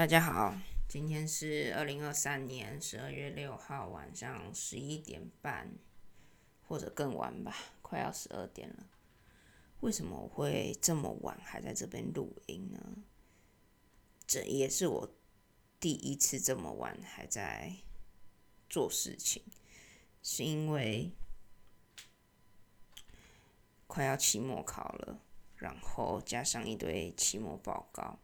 大家好，今天是二零二三年十二月六號晚上十一點半，或者更晚吧，快要十二點了。為什麼我會這麼晚還在這邊錄音呢？這也是我第一次這麼晚還在做事情，是因為快要期末考了，然後加上一堆期末報告。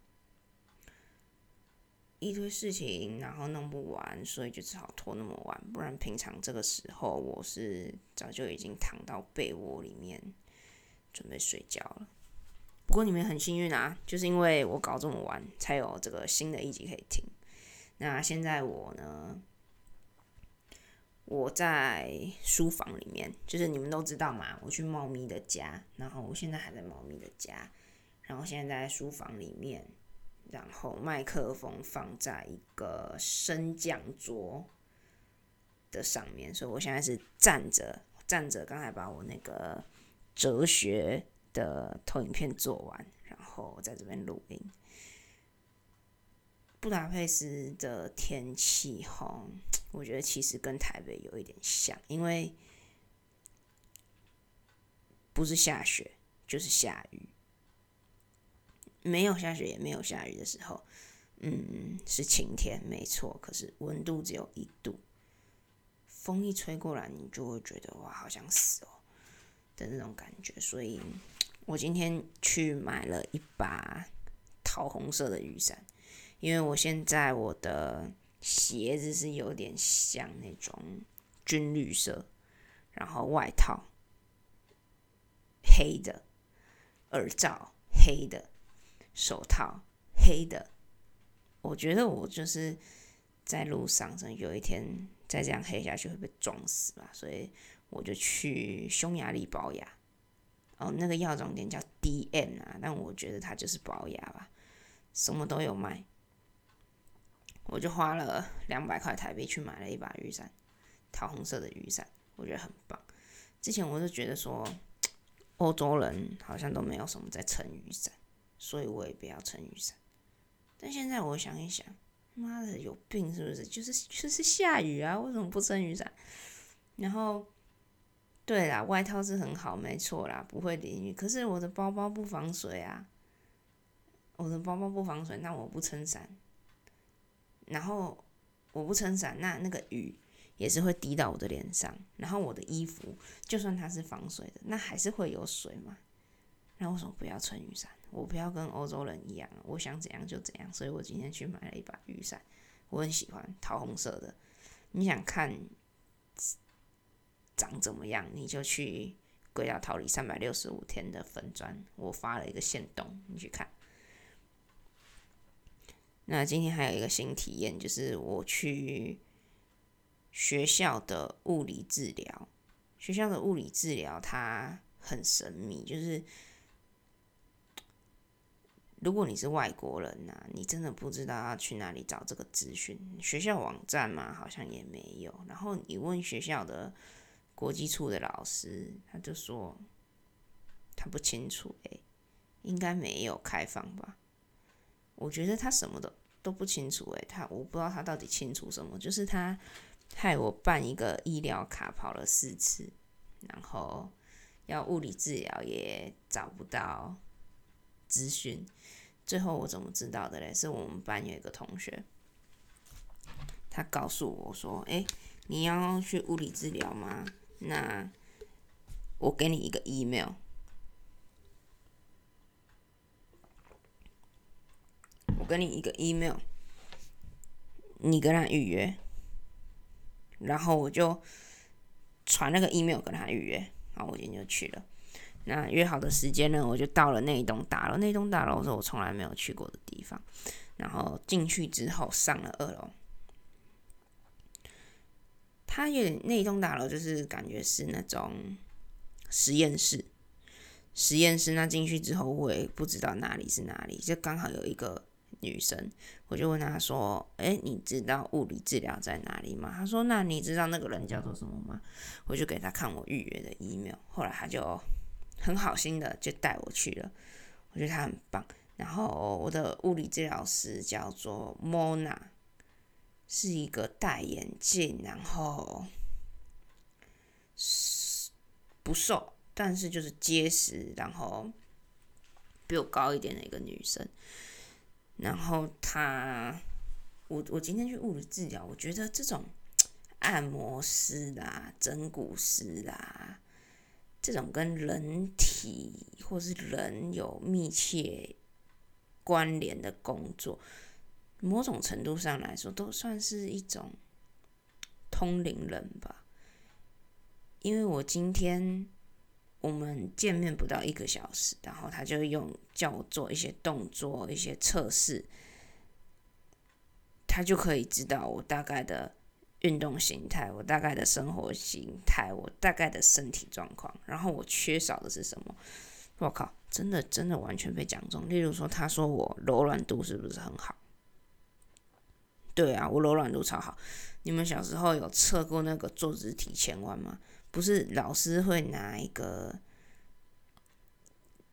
一堆事情，然後弄不完，所以就只好拖那麼晚。不然平常這個時候，我是早就已經躺到被窩裡面準備睡覺了。不過你們很幸運啊，就是因為我搞這麼晚，才有這個新的一集可以聽。那現在我呢，我在書房裡面，就是你們都知道嘛，我去貓咪的家，然後我現在還在貓咪的家，然後現在在書房裡面。然後麥克風放在一個升降桌的上面，所以我現在是站着，站着。剛才把我那個哲學的投影片做完，然後在這邊錄音。布達佩斯的天氣哈，我覺得其實跟台北有一點像，因為不是下雪就是下雨。沒有下雪也沒有下雨的時候，嗯，是晴天，沒錯。可是溫度只有一度，風一吹過來，你就會覺得哇，好想死哦的那種感覺。所以，我今天去買了一把桃紅色的雨傘，因為我現在我的鞋子是有點像那種軍綠色，然後外套黑的，耳罩黑的。手套黑的，我覺得我就是在路上，有一天再這樣黑下去會被撞死吧，所以我就去匈牙利寶雅。哦，那個藥妝店叫 DM 啊，但我覺得它就是寶雅吧，什麼都有賣。我就花了兩百塊台幣去買了一把雨傘，桃紅色的雨傘，我覺得很棒。之前我就覺得說，歐洲人好像都沒有什麼在撐雨傘。所以我也不要撐雨傘。但現在我想一想，媽的有病是不是？就是就是下雨啊，為什麼不撐雨傘？然後，對啦，外套是很好，沒錯啦，不會淋雨。可是我的包包不防水啊，我的包包不防水，那我不撐傘。然後我不撐傘，那那個雨也是會滴到我的臉上。然後我的衣服就算它是防水的，那還是會有水嘛。那我為什麼不要撐雨傘？我不要跟歐洲人一樣，我想怎樣就怎樣。所以我今天去買了一把雨傘，我很喜歡桃紅色的。你想看長怎麼樣，你就去《鬼到桃李》三百六十五天的粉專，我發了一個限動，你去看。那今天還有一個新體驗，就是我去學校的物理治療。學校的物理治療它很神秘，就是。如果你是外國人吶、啊，你真的不知道要去哪裡找這個資訊。學校網站嘛，好像也沒有。然後你問學校的國際處的老師，他就說他不清楚哎、欸，應該沒有開放吧。我覺得他什麼都都不清楚哎、欸，他我不知道他到底清楚什麼。就是他害我辦一個醫療卡跑了四次，然後要物理治療也找不到諮詢，最後我怎麼知道的嘞？是我們班有一個同學，他告訴我說：“誒、欸，你要去物理治療嗎？”那我給你一個 email，我給你一個 email，你跟他預約，然後我就傳那個 email 跟他預約，然後我今天就去了。那約好的時間呢，我就到了那一棟大樓，那一棟大樓是我從來沒有去過的地方。然後進去之後上了二樓，他也那一棟大樓就是感覺是那種實驗室。實驗室那進去之後，我也不知道哪裡是哪裡。就剛好有一個女生，我就問她說：“誒、欸，你知道物理治療在哪裡嗎？”她說：“那你知道那個人叫做什麼嗎？”我就給她看我預約的 email。後來她就，很好心的就帶我去了，我覺得她很棒。然後我的物理治療師叫做 Mona，是一個戴眼鏡，然後是不瘦，但是就是結實，然後比我高一點的一個女生。然後她，我我今天去物理治療，我覺得這種按摩師啦、整骨師啦。這種跟人體或是人有密切關聯的工作，某種程度上來說，都算是一種通靈人吧。因為我今天我們見面不到一個小時，然後他就用叫做一些動作、一些測試，他就可以知道我大概的。運動形態，我大概的生活形態，我大概的身體狀況，然後我缺少的是什麼？我靠，真的真的完全被講中。例如說，他說我柔軟度是不是很好？對啊，我柔軟度超好。你們小時候有測過那個坐姿體前彎嗎？不是老師會拿一個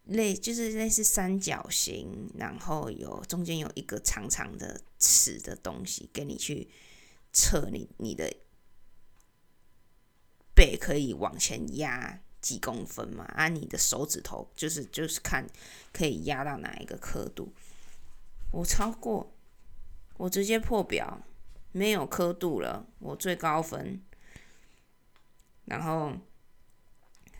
類，就是類似三角形，然後有中間有一個長長的尺的東西給你去。測你你的背可以往前壓幾公分嘛？啊，你的手指頭就是就是看可以壓到哪一個刻度。我超過，我直接破表，沒有刻度了，我最高分。然後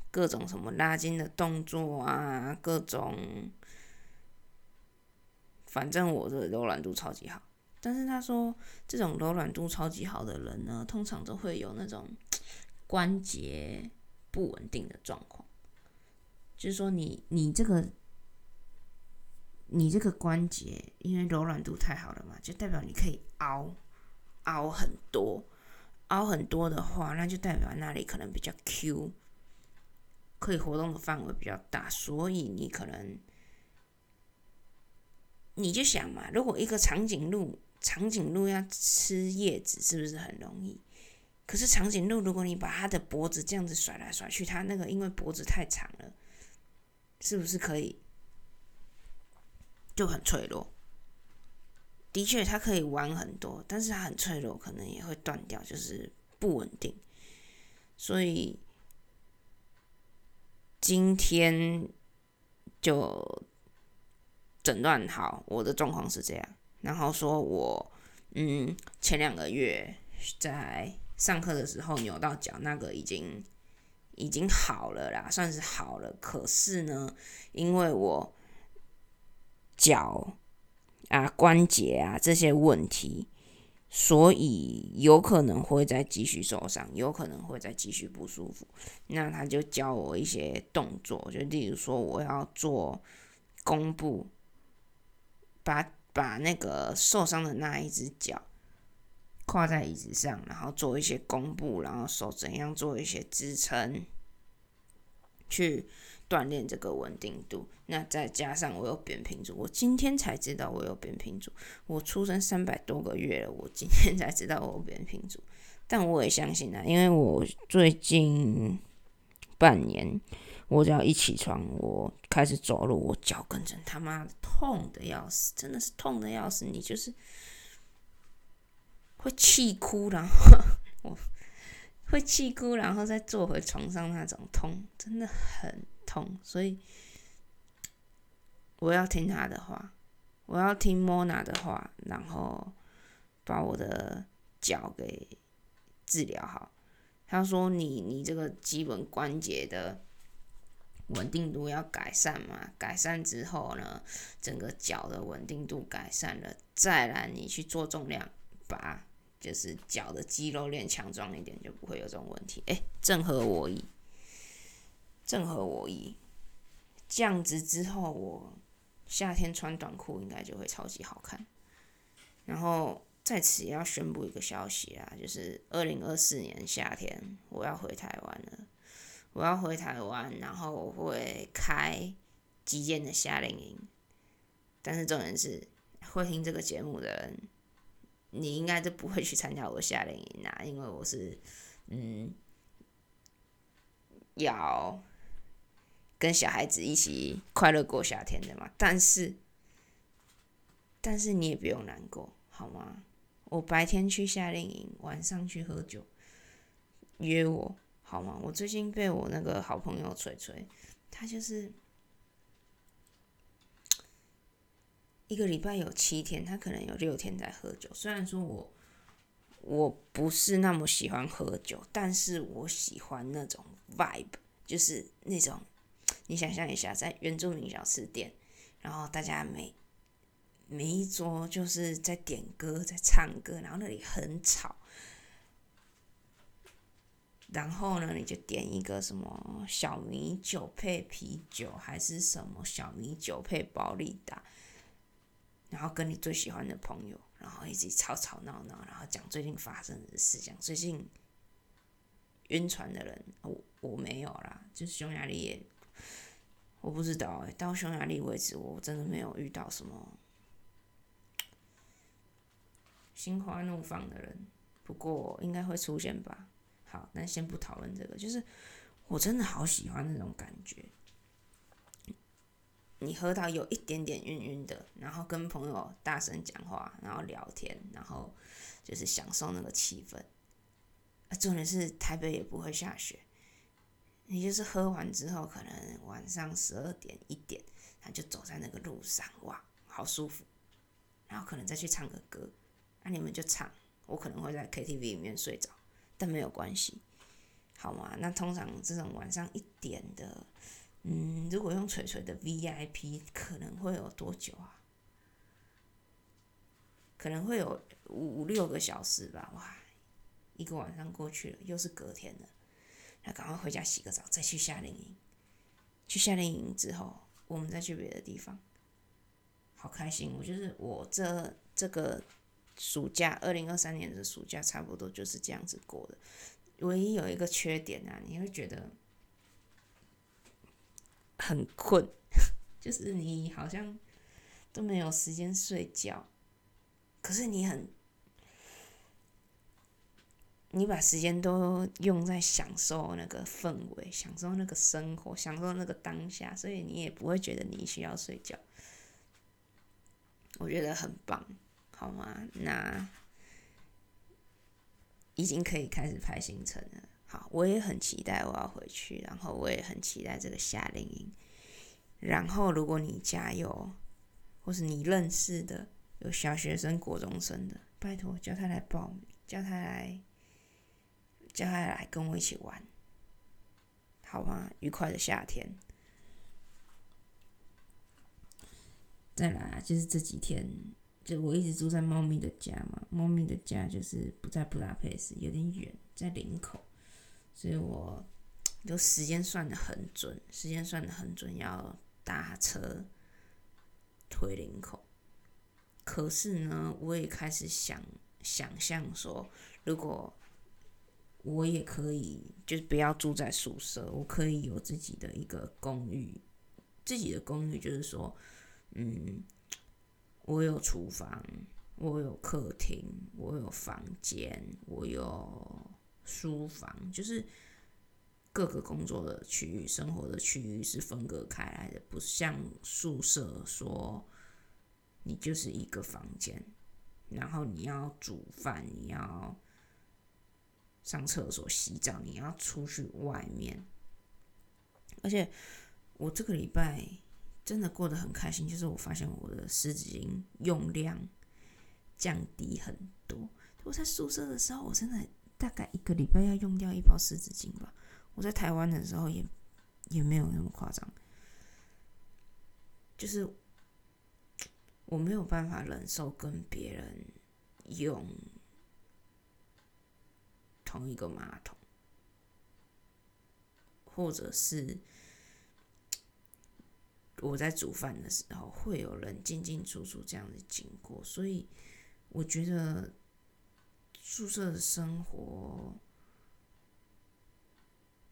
各種什麼拉筋的動作啊，各種，反正我的柔軟度超級好。但是他說，這種柔軟度超級好的人呢，通常都會有那種關節不穩定的狀況。就是說你，你你這個你這個關節，因為柔軟度太好了嘛，就代表你可以凹凹很多，凹很多的話，那就代表那裡可能比較 Q，可以活動的範圍比較大。所以你可能你就想嘛，如果一個長頸鹿。長頸鹿要吃葉子是不是很容易？可是長頸鹿，如果你把它的脖子這樣子甩來甩去，它那個因為脖子太長了，是不是可以就很脆弱？的確，它可以彎很多，但是它很脆弱，可能也會斷掉，就是不穩定。所以今天就診斷好，我的狀況是這樣。然後說我，我嗯，前兩個月在上課的時候扭到腳，那個已經已經好了啦，算是好了。可是呢，因為我腳啊關節啊這些問題，所以有可能會再繼續受傷，有可能會再繼續不舒服。那他就教我一些動作，就例如說，我要做弓步，把。把那個受傷的那一隻腳跨在椅子上，然後做一些弓步，然後手怎樣做一些支撐，去鍛鍊這個穩定度。那再加上我有扁平足，我今天才知道我有扁平足。我出生三百多個月了，我今天才知道我有扁平足。但我也相信啊，因為我最近半年。我只要一起床，我開始走路，我腳跟真他媽的痛的要死，真的是痛的要死。你就是會氣哭，然後我 會氣哭，然後再坐回床上，那種痛真的很痛。所以我要聽他的話，我要聽莫娜的話，然後把我的腳給治療好。他說你：“你你這個基本關節的。”穩定度要改善嘛？改善之後呢，整個腳的穩定度改善了，再來你去做重量，把就是腳的肌肉練強壯一點，就不會有這種問題。哎、欸，正合我意，正合我意。這樣子之後，我夏天穿短褲應該就會超級好看。然後在此也要宣布一個消息啊，就是二零二四年夏天我要回台灣了。我要回台灣，然後我會開極簡的夏令營。但是重點是，會聽這個節目的人，你應該就不會去參加我的夏令營啦，因為我是，嗯，要跟小孩子一起快樂過夏天的嘛。但是，但是你也不用難過，好嗎？我白天去夏令營，晚上去喝酒，約我。好嗎？我最近被我那個好朋友錘錘，他就是一個禮拜有七天，他可能有六天在喝酒。雖然說我我不是那麼喜歡喝酒，但是我喜歡那種 vibe，就是那種你想象一下，在原住民小吃店，然後大家每每一桌就是在點歌、在唱歌，然後那裡很吵。然後呢，你就點一個什麼小米酒配啤酒，還是什麼小米酒配保力達，然後跟你最喜歡的朋友，然後一起吵吵鬧鬧，然後講最近發生的事，講最近暈船的人，我我沒有啦，就是匈牙利也，我不知道、欸、到匈牙利為止，我真的沒有遇到什麼心花怒放的人，不過應該會出現吧。好，那先不討論這個。就是我真的好喜歡那種感覺，你喝到有一點點暈暈的，然後跟朋友大聲講話，然後聊天，然後就是享受那個氣氛。而重點是台北也不會下雪，你就是喝完之後，可能晚上十二點一點，然後就走在那個路上，哇，好舒服。然後可能再去唱個歌，那你們就唱，我可能會在 KTV 裡面睡着。但沒有關係，好嘛？那通常這種晚上一點的，嗯，如果用錘錘的 VIP，可能會有多久啊？可能會有五六個小時吧。哇，一個晚上過去了，又是隔天了。那趕快回家洗個澡，再去夏令營。去夏令營之後，我們再去別的地方。好開心，我就是我這這個。暑假二零二三年的暑假差不多就是這樣子過的，唯一有一個缺點啊，你會覺得很睏，就是你好像都沒有時間睡覺，可是你很，你把時間都用在享受那個氛圍，享受那個生活，享受那個當下，所以你也不會覺得你需要睡覺，我覺得很棒。好嗎？那已經可以開始排行程了。好，我也很期待，我要回去，然後我也很期待這個夏令營。然後，如果你家有，或是你認識的有小學生、國中生的，拜托叫他來報名，叫他來，叫他來跟我一起玩，好嗎？愉快的夏天。再來就是這幾天。就我一直住在貓咪的家嘛，貓咪的家就是不在布達佩斯，有點遠，在林口，所以我就時間算得很準，時間算得很準，要打車回林口。可是呢，我也開始想想象說，如果我也可以，就是不要住在宿舍，我可以有自己的一個公寓，自己的公寓就是說，嗯。我有廚房，我有客廳，我有房間，我有書房，就是各個工作的區域、生活的區域是分隔開來的，不像宿舍，說你就是一個房間，然後你要煮飯，你要上廁所、洗澡，你要出去外面，而且我這個禮拜。真的過得很開心，就是我發現我的濕紙巾用量降低很多。我在宿舍的時候，我真的大概一個禮拜要用掉一包濕紙巾吧。我在台灣的時候也也沒有那麼誇張，就是我沒有辦法忍受跟別人用同一個馬桶，或者是。我在煮飯的時候，會有人進進出出這樣子經過，所以我覺得宿舍的生活，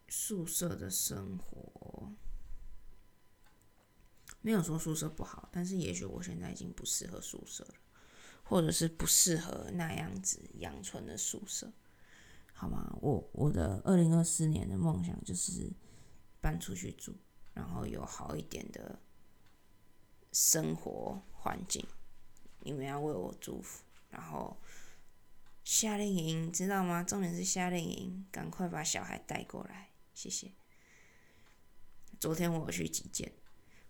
宿舍的生活沒有說宿舍不好，但是也許我現在已經不適合宿舍了，或者是不適合那樣子陽春的宿舍，好嗎？我我的二零二四年的夢想就是搬出去住。然後有好一點的生活環境，你們要為我祝福。然後夏令營知道嗎？重點是夏令營，趕快把小孩帶過來，謝謝。昨天我去集建，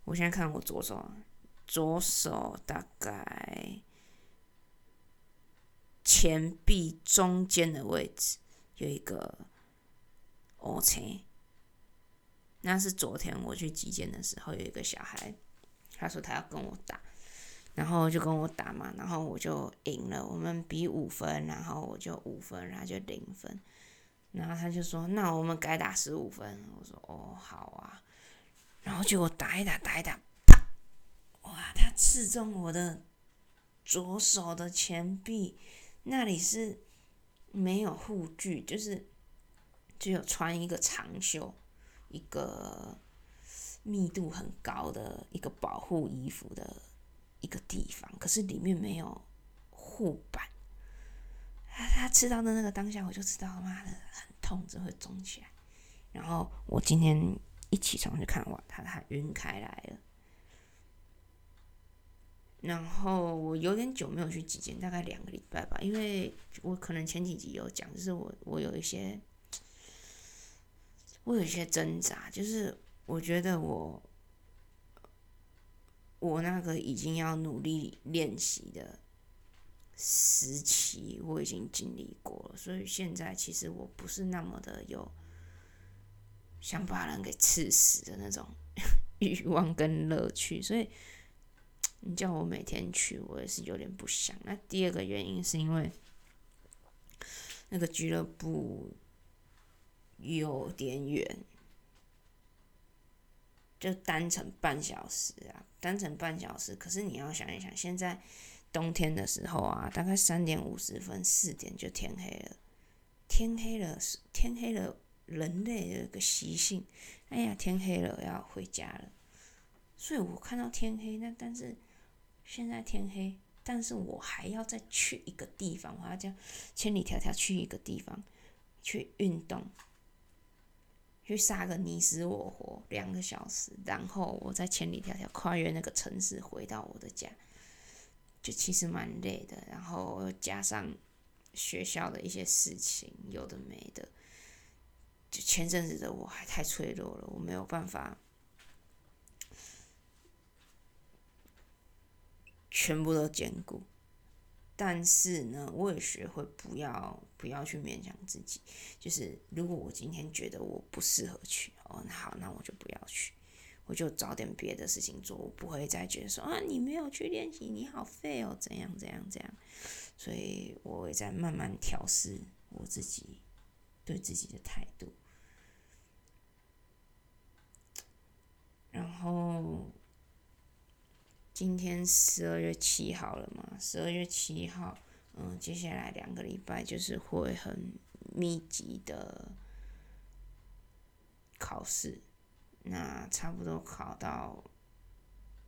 我現在看我左手，左手大概前臂中間的位置有一個凹槽。那是昨天我去擊劍的時候，有一個小孩，他說他要跟我打，然後就跟我打嘛，然後我就贏了。我們比五分，然後我就五分，他就零分。然後他就說：“那我們改打十五分。”我說：“哦，好啊。”然後就打一打，打一打，啪！哇，他刺中我的左手的前臂，那裡是沒有護具，就是只有穿一個長袖。一個密度很高的一個保護衣服的一個地方，可是裡面沒有護板。他、啊、他吃到的那個當下，我就知道媽的很痛，就會腫起來。然後我今天一起床去看我他他暈開來了。然後我有點久沒有去急診，大概兩個禮拜吧，因為我可能前幾集有講，就是我我有一些。我有一些掙扎，就是我覺得我，我那個已經要努力練習的時期，我已經經歷過了，所以現在其實我不是那麼的有想把人給刺死的那種慾望跟樂趣，所以你叫我每天去，我也是有點不想。那第二個原因是因為那個俱樂部。有點遠，就單程半小時啊，單程半小時。可是你要想一想，現在冬天的時候啊，大概三點五十分、四點就天黑了。天黑了，天黑了，人類有一個習性，哎呀，天黑了要回家了。所以我看到天黑，那但是現在天黑，但是我還要再去一個地方，我要這樣千里迢迢去一個地方去運動。去殺個你死我活兩個小時，然後我再千里迢迢跨越那個城市回到我的家，就其實蠻累的。然後加上學校的一些事情，有的沒的，就前陣子的我還太脆弱了，我沒有辦法全部都兼顧。但是呢，我也學會不要不要去勉強自己。就是如果我今天覺得我不適合去，嗯、哦，好，那我就不要去，我就找點別的事情做。我不會再覺得說啊，你沒有去練習，你好廢哦，怎樣怎樣怎樣。所以我也在慢慢調適我自己對自己的態度，然後。今天十二月七號了嘛？十二月七號，嗯，接下來兩個禮拜就是會很密集的考試，那差不多考到，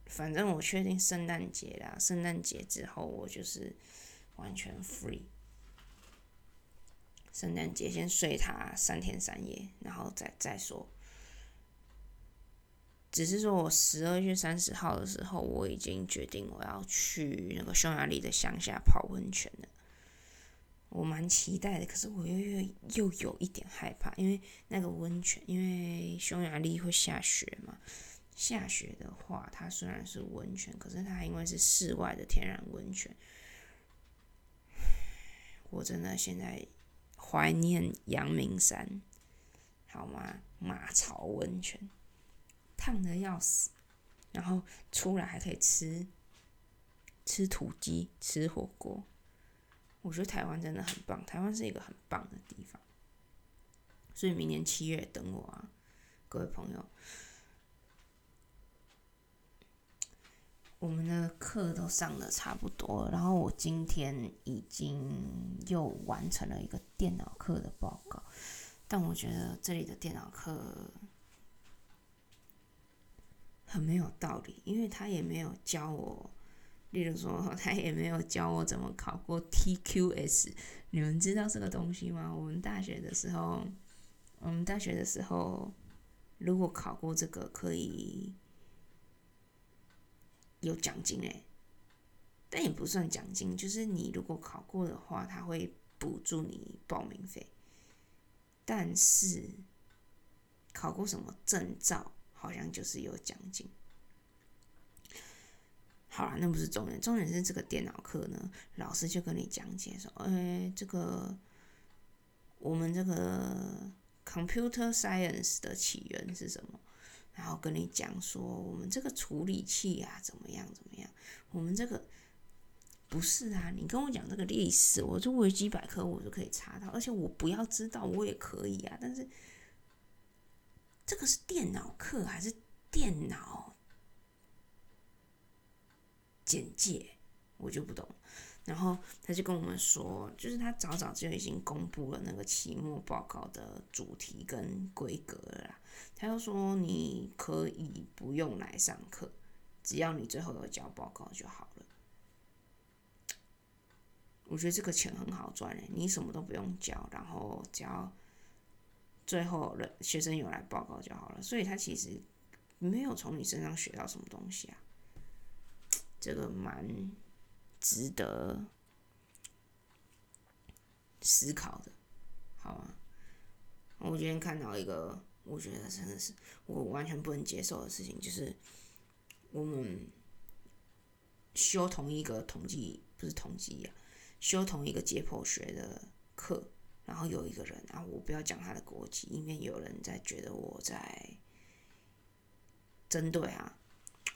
反正我確定聖誕節啦，聖誕節之後我就是完全 free，聖誕節先睡它三天三夜，然後再再說。只是說，我十二月三十號的時候，我已經決定我要去那個匈牙利的鄉下泡溫泉了。我蠻期待的，可是我又又又有一點害怕，因為那個溫泉，因為匈牙利會下雪嘛。下雪的話，它雖然是溫泉，可是它因為是室外的天然溫泉，我真的現在懷念陽明山，好嗎？馬槽溫泉。燙的要死，然後出來還可以吃吃土雞、吃火鍋。我覺得台灣真的很棒，台灣是一個很棒的地方。所以明年七月等我啊，各位朋友。我們的課都上得差不多，然後我今天已經又完成了一個電腦課的報告，但我覺得這裡的電腦課。很沒有道理，因為他也沒有教我，例如說，他也沒有教我怎麼考過 TQS。你們知道這個東西嗎？我們大學的時候，我們大學的時候，如果考過這個，可以有獎金誒、欸，但也不算獎金，就是你如果考過的話，他會補助你報名費。但是考過什麼證照？好像就是有獎金。好了，那不是重點，重點是這個電腦課呢，老師就跟你講解說，哎，這個我們這個 computer science 的起源是什麼，然後跟你講說，我們這個處理器啊怎麼樣怎麼樣，我們這個不是啊，你跟我講這個歷史，我用維基百科我都可以查到，而且我不要知道我也可以啊，但是。這個是電腦課還是電腦簡介？我就不懂。然後他就跟我們說，就是他早早就已經公布了那個期末報告的主題跟規格了。他又說，你可以不用來上課，只要你最後有交報告就好了。我覺得這個錢很好賺耶，你什麼都不用交，然後只要。最後了，學生有來報告就好了，所以他其實沒有從你身上學到什麼東西啊，這個蠻值得思考的。好啊，我今天看到一個，我覺得真的是我完全不能接受的事情，就是我們修同一個統計，不是統計啊，修同一個解剖學的課。然後有一個人，啊，我不要講他的國籍，因為有人在覺得我在針對啊，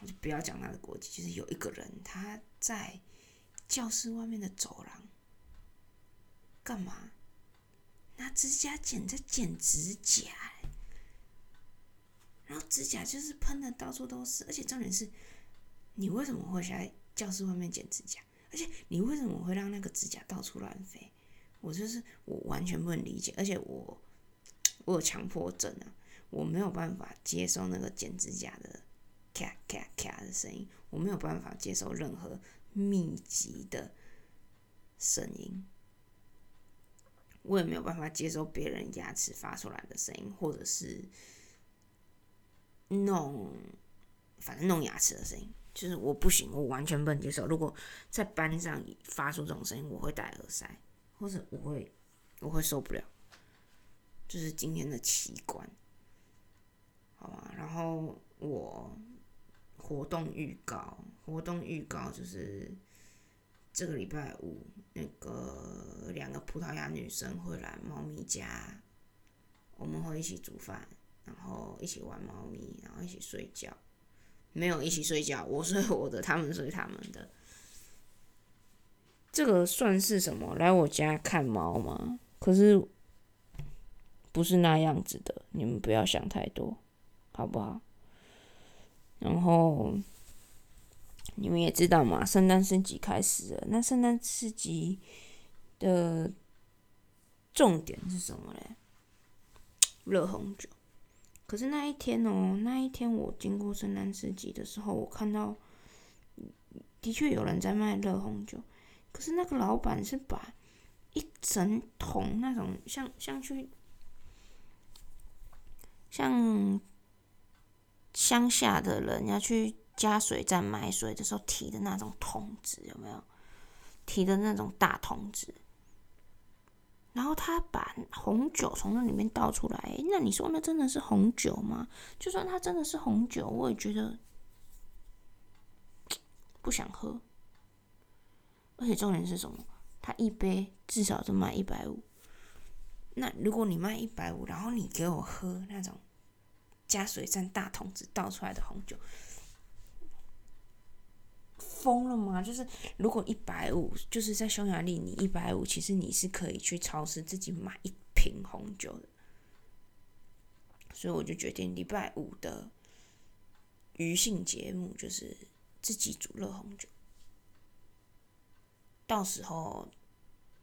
我就不要講他的國籍。就是有一個人他在教室外面的走廊幹嘛？拿指甲剪在剪指甲，欸，然後指甲就是噴得到處都是，而且重點是，你為什麼會在教室外面剪指甲？而且你為什麼會讓那個指甲到處亂飛？我就是我完全不能理解，而且我我有強迫症啊，我沒有辦法接受那個剪指甲的咔咔咔的聲音，我沒有辦法接受任何密集的聲音，我也沒有辦法接受別人牙齒發出來的聲音，或者是弄反正弄牙齒的聲音，就是我不行，我完全不能接受。如果在班上發出這種聲音，我會戴耳塞。或者我會，我會受不了。就是今天的奇觀，好吧？然後我活動預告，活動預告就是這個禮拜五，那個兩個葡萄牙女生會來貓咪家，我們會一起煮飯，然後一起玩貓咪，然後一起睡覺。沒有一起睡覺，我睡我的，他們睡他們的。這個算是什麼？來我家看貓嗎？可是不是那樣子的，你們不要想太多，好不好？然後你們也知道嘛，聖誕市集開始了。那聖誕市集的重點是什麼呢？熱紅酒。可是那一天哦，那一天我經過聖誕市集的時候，我看到的確有人在賣熱紅酒。可是那個老闆是把一整桶那種像像去像鄉下的人要去加水站買水的時候提的那種桶子有沒有？提的那種大桶子，然後他把紅酒從那裡面倒出來，欸，那你說那真的是紅酒嗎？就算它真的是紅酒，我也覺得不想喝。而且重點是什麼？他一杯至少就賣一百五。那如果你賣一百五，然後你給我喝那種加水占大桶子倒出來的紅酒，瘋了嗎？就是如果一百五，就是在匈牙利你一百五，150, 其實你是可以去超市自己買一瓶紅酒的。所以我就決定禮拜五的餘興節目就是自己煮熱紅酒。到時候，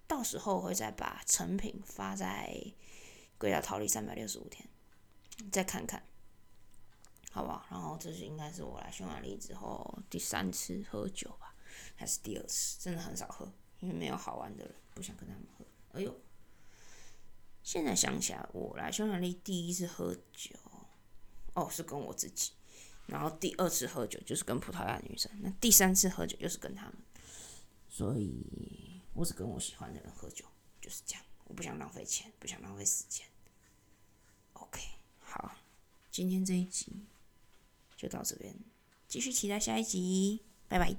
到時候會再把成品發在《鬼島逃離三百六十五天》，再看看，好不好？然後這是應該是我來匈牙利之後第三次喝酒吧，還是第二次？真的很少喝，因為沒有好玩的人，不想跟他們喝。哎呦，現在想起來，我來匈牙利第一次喝酒，哦，是跟我自己；然後第二次喝酒就是跟葡萄牙女生，那第三次喝酒又是跟他們。所以，我只跟我喜歡的人喝酒，就是這樣。我不想浪費錢，不想浪費時間。OK，好，今天這一集就到這邊，繼續期待下一集，拜拜。